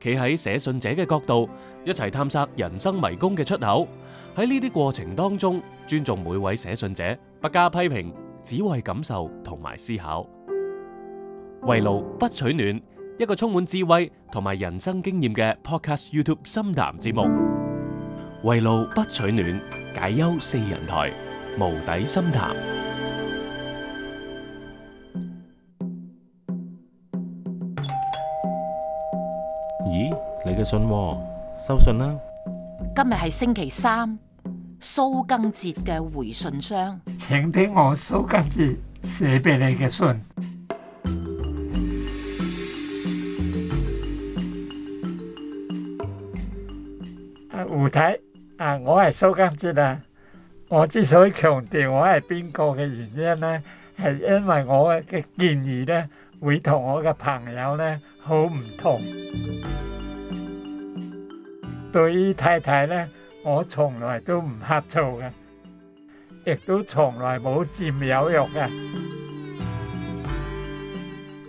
企喺寫信者嘅角度，一齊探索人生迷宮嘅出口。喺呢啲過程當中，尊重每位寫信者，不加批評，只為感受同埋思考。圍爐不取暖，一個充滿智慧同埋人生經驗嘅 Podcast YouTube 深談節目。圍爐不取暖，解憂四人台，無底深談。嘅信，收信啦！今日係星期三，蘇賡哲嘅回信箱，請聽我蘇賡哲寫俾你嘅信。啊，胡太，啊，我係蘇賡哲啊！我之所以強調我係邊個嘅原因咧，係因為我嘅建議咧，會同我嘅朋友咧好唔同。對於太太呢，我從來都唔呷醋嘅，亦都從來冇佔有慾嘅。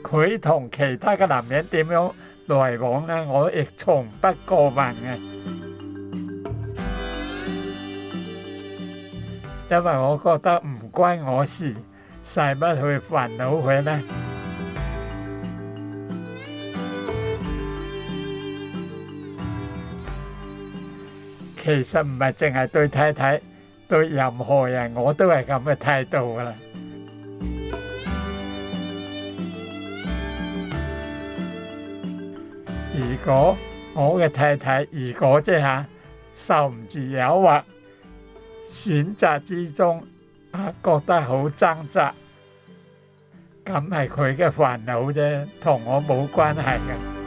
佢同其他嘅男人點樣來往呢？我亦從不過問嘅，因為我覺得唔關我事，使乜去煩惱佢呢？其實唔係淨係對太太，對任何人我都係咁嘅態度噶啦。如果我嘅太太，如果即係受唔住誘惑，選擇之中啊，覺得好掙扎，咁係佢嘅煩惱啫，同我冇關係嘅。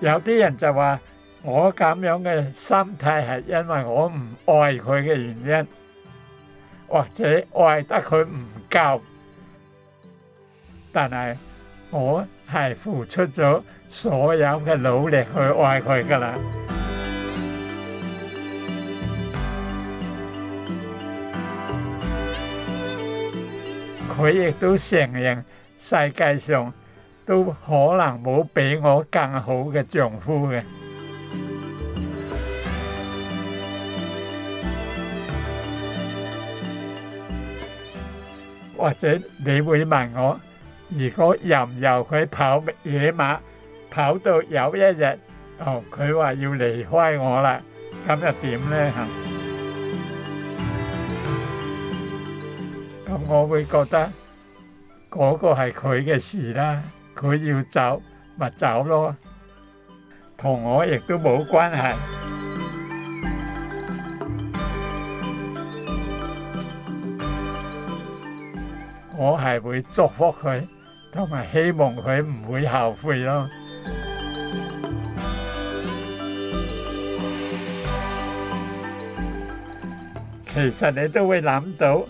有啲人就話：我咁樣嘅心態係因為我唔愛佢嘅原因，或者愛得佢唔夠。但係我係付出咗所有嘅努力去愛佢㗎喇。佢亦都承認世界上，都可能冇比我更好嘅丈夫嘅，或者你會問我，如果任由佢跑野馬，跑到有一日，哦，佢話要離開我啦，咁又點咧？咁我會覺得嗰個係佢嘅事啦。佢要走咪走囉，同我亦都冇關係。我係會祝福佢，同埋希望佢唔會後悔囉。其實你都會諗到，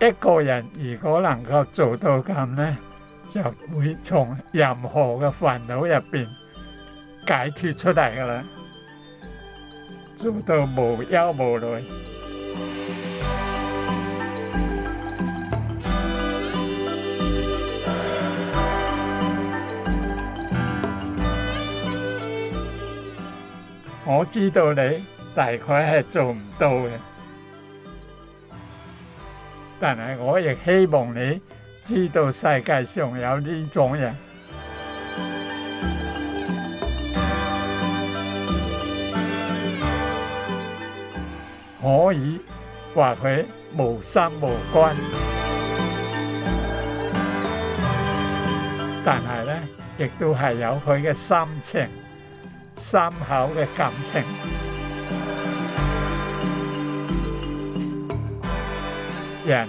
一個人如果能夠做到咁咧，就會從任何嘅煩惱入邊解決出嚟噶啦，做到無憂無慮。我知道你大概係做唔到嘅，但係我亦希望你。知道世界上有呢種人，可以話佢無生無關，但係咧，亦都係有佢嘅心情、深厚嘅感情，人。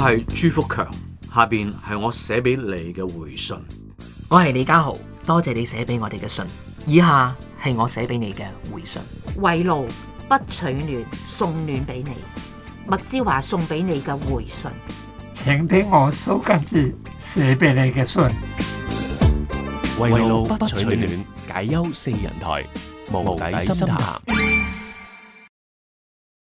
我係朱福強，下邊係我寫俾你嘅回信。我係李家豪，多謝你寫俾我哋嘅信，以下係我寫俾你嘅回信。圍爐不取暖，送暖俾你。麥之華送俾你嘅回信，請聽我蘇賡哲，寫俾你嘅信。圍爐不取暖，解憂四人台，無底心談。